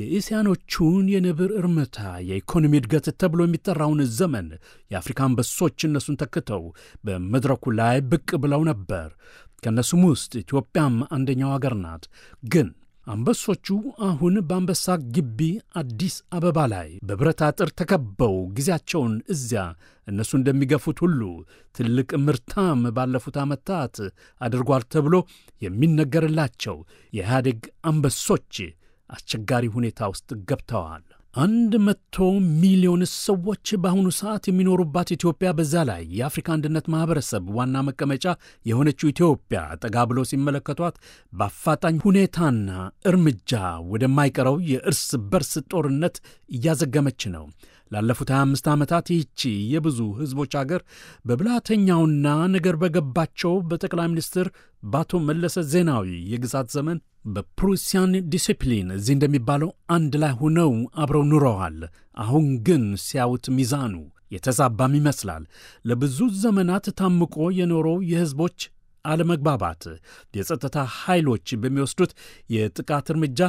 የእስያኖቹን የነብር እርምታ የኢኮኖሚ እድገት ተብሎ የሚጠራውን ዘመን የአፍሪካ አንበሶች እነሱን ተክተው በመድረኩ ላይ ብቅ ብለው ነበር። ከእነሱም ውስጥ ኢትዮጵያም አንደኛው አገር ናት። ግን አንበሶቹ አሁን በአንበሳ ግቢ አዲስ አበባ ላይ በብረት አጥር ተከበው ጊዜያቸውን እዚያ እነሱ እንደሚገፉት ሁሉ ትልቅ ምርታም ባለፉት ዓመታት አድርጓል ተብሎ የሚነገርላቸው የኢህአዴግ አንበሶች አስቸጋሪ ሁኔታ ውስጥ ገብተዋል። አንድ መቶ ሚሊዮን ሰዎች በአሁኑ ሰዓት የሚኖሩባት ኢትዮጵያ፣ በዛ ላይ የአፍሪካ አንድነት ማኅበረሰብ ዋና መቀመጫ የሆነችው ኢትዮጵያ ጠጋ ብሎ ሲመለከቷት በአፋጣኝ ሁኔታና እርምጃ ወደማይቀረው የእርስ በርስ ጦርነት እያዘገመች ነው። ላለፉት 25 ዓመታት ይህቺ የብዙ ሕዝቦች አገር በብላተኛውና ነገር በገባቸው በጠቅላይ ሚኒስትር በአቶ መለሰ ዜናዊ የግዛት ዘመን በፕሩሲያን ዲሲፕሊን እዚህ እንደሚባለው አንድ ላይ ሆነው አብረው ኑረዋል። አሁን ግን ሲያዩት ሚዛኑ የተዛባም ይመስላል። ለብዙ ዘመናት ታምቆ የኖረው የሕዝቦች አለመግባባት የጸጥታ ኃይሎች በሚወስዱት የጥቃት እርምጃ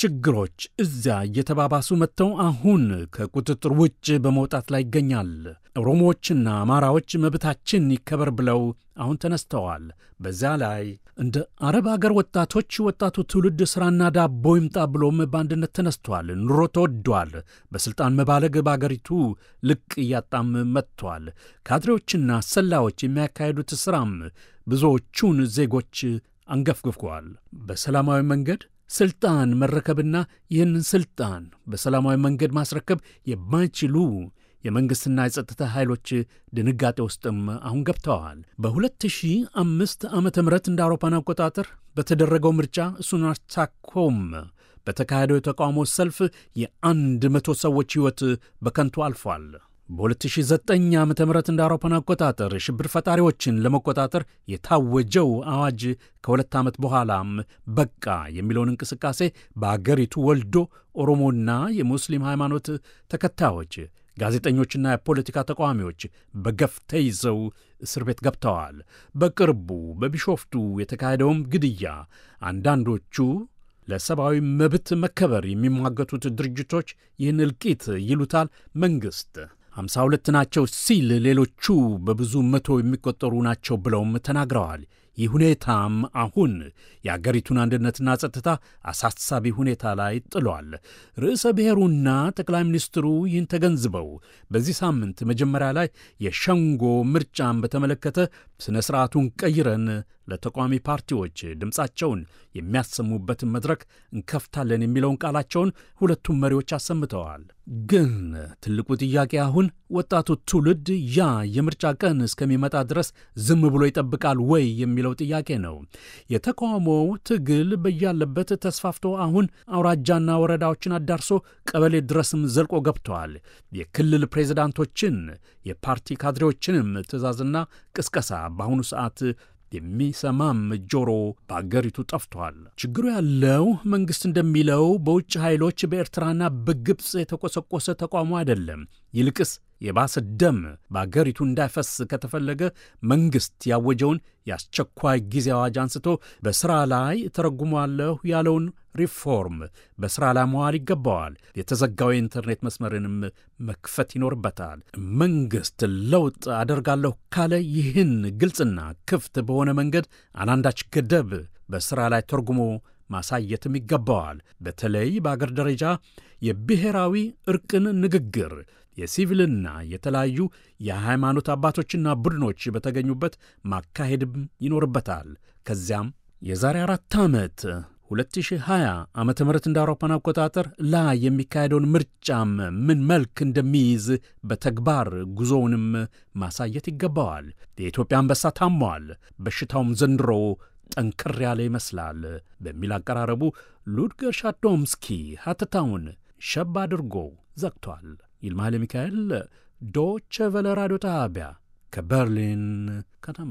ችግሮች እዚያ እየተባባሱ መጥተው አሁን ከቁጥጥር ውጭ በመውጣት ላይ ይገኛል። ኦሮሞዎችና አማራዎች መብታችን ይከበር ብለው አሁን ተነስተዋል። በዚያ ላይ እንደ አረብ አገር ወጣቶች ወጣቱ ትውልድ ሥራና ዳቦ ይምጣ ብሎም በአንድነት ተነስቷል። ኑሮ ተወዷል። በሥልጣን መባለግ በአገሪቱ ልቅ እያጣም መጥቷል። ካድሬዎችና ሰላዎች የሚያካሄዱት ሥራም ብዙዎቹን ዜጎች አንገፍግፏል። በሰላማዊ መንገድ ስልጣን መረከብና ይህንን ስልጣን በሰላማዊ መንገድ ማስረከብ የማይችሉ የመንግሥትና የጸጥታ ኃይሎች ድንጋጤ ውስጥም አሁን ገብተዋል። በ2005 ዓ ም እንደ አውሮፓን አቆጣጠር በተደረገው ምርጫ እሱን አስታኮም በተካሄደው የተቃውሞ ሰልፍ የአንድ መቶ ሰዎች ሕይወት በከንቱ አልፏል። በ2009 ዓ ም እንደ አውሮፓን አቆጣጠር ሽብር ፈጣሪዎችን ለመቆጣጠር የታወጀው አዋጅ ከሁለት ዓመት በኋላም በቃ የሚለውን እንቅስቃሴ በአገሪቱ ወልዶ ኦሮሞና የሙስሊም ሃይማኖት ተከታዮች፣ ጋዜጠኞችና የፖለቲካ ተቃዋሚዎች በገፍ ተይዘው እስር ቤት ገብተዋል። በቅርቡ በቢሾፍቱ የተካሄደውም ግድያ አንዳንዶቹ ለሰብአዊ መብት መከበር የሚሟገቱት ድርጅቶች ይህን እልቂት ይሉታል መንግሥት ሁለት ናቸው ሲል ሌሎቹ በብዙ መቶ የሚቆጠሩ ናቸው ብለውም ተናግረዋል። ይህ ሁኔታም አሁን የአገሪቱን አንድነትና ጸጥታ አሳሳቢ ሁኔታ ላይ ጥሏል። ርዕሰ ብሔሩና ጠቅላይ ሚኒስትሩ ይህን ተገንዝበው በዚህ ሳምንት መጀመሪያ ላይ የሸንጎ ምርጫን በተመለከተ ሥነ ሥርዓቱን ቀይረን ለተቃዋሚ ፓርቲዎች ድምፃቸውን የሚያሰሙበትን መድረክ እንከፍታለን የሚለውን ቃላቸውን ሁለቱም መሪዎች አሰምተዋል። ግን ትልቁ ጥያቄ አሁን ወጣቱ ትውልድ ያ የምርጫ ቀን እስከሚመጣ ድረስ ዝም ብሎ ይጠብቃል ወይ የሚለው ጥያቄ ነው። የተቃውሞው ትግል በያለበት ተስፋፍቶ አሁን አውራጃና ወረዳዎችን አዳርሶ ቀበሌ ድረስም ዘልቆ ገብተዋል። የክልል ፕሬዚዳንቶችን የፓርቲ ካድሬዎችንም ትዕዛዝና ቅስቀሳ በአሁኑ ሰዓት የሚሰማም ጆሮ በአገሪቱ ጠፍቷል። ችግሩ ያለው መንግሥት እንደሚለው በውጭ ኃይሎች በኤርትራና በግብፅ የተቆሰቆሰ ተቋሙ አይደለም። ይልቅስ የባሰ ደም በአገሪቱ እንዳይፈስ ከተፈለገ መንግሥት ያወጀውን የአስቸኳይ ጊዜ አዋጅ አንስቶ በሥራ ላይ ተረጉሟለሁ ያለውን ሪፎርም በሥራ ላይ መዋል ይገባዋል። የተዘጋው የኢንተርኔት መስመርንም መክፈት ይኖርበታል። መንግሥት ለውጥ አደርጋለሁ ካለ ይህን ግልጽና ክፍት በሆነ መንገድ አናንዳች ገደብ በሥራ ላይ ተርጉሞ ማሳየትም ይገባዋል። በተለይ በአገር ደረጃ የብሔራዊ እርቅን ንግግር የሲቪልና የተለያዩ የሃይማኖት አባቶችና ቡድኖች በተገኙበት ማካሄድም ይኖርበታል። ከዚያም የዛሬ አራት ዓመት 2020 ዓ ም እንደ አውሮፓን አቆጣጠር ላይ የሚካሄደውን ምርጫም ምን መልክ እንደሚይዝ በተግባር ጉዞውንም ማሳየት ይገባዋል። የኢትዮጵያ አንበሳ ታሟል፣ በሽታውም ዘንድሮ ጠንከር ያለ ይመስላል በሚል አቀራረቡ ሉድገር ሻዶምስኪ ሀተታውን ሸብ አድርጎ ዘግቷል። ይልማ ሚካኤል ዶቸ ቨለ ራዲዮ ጣቢያ ከበርሊን ከተማ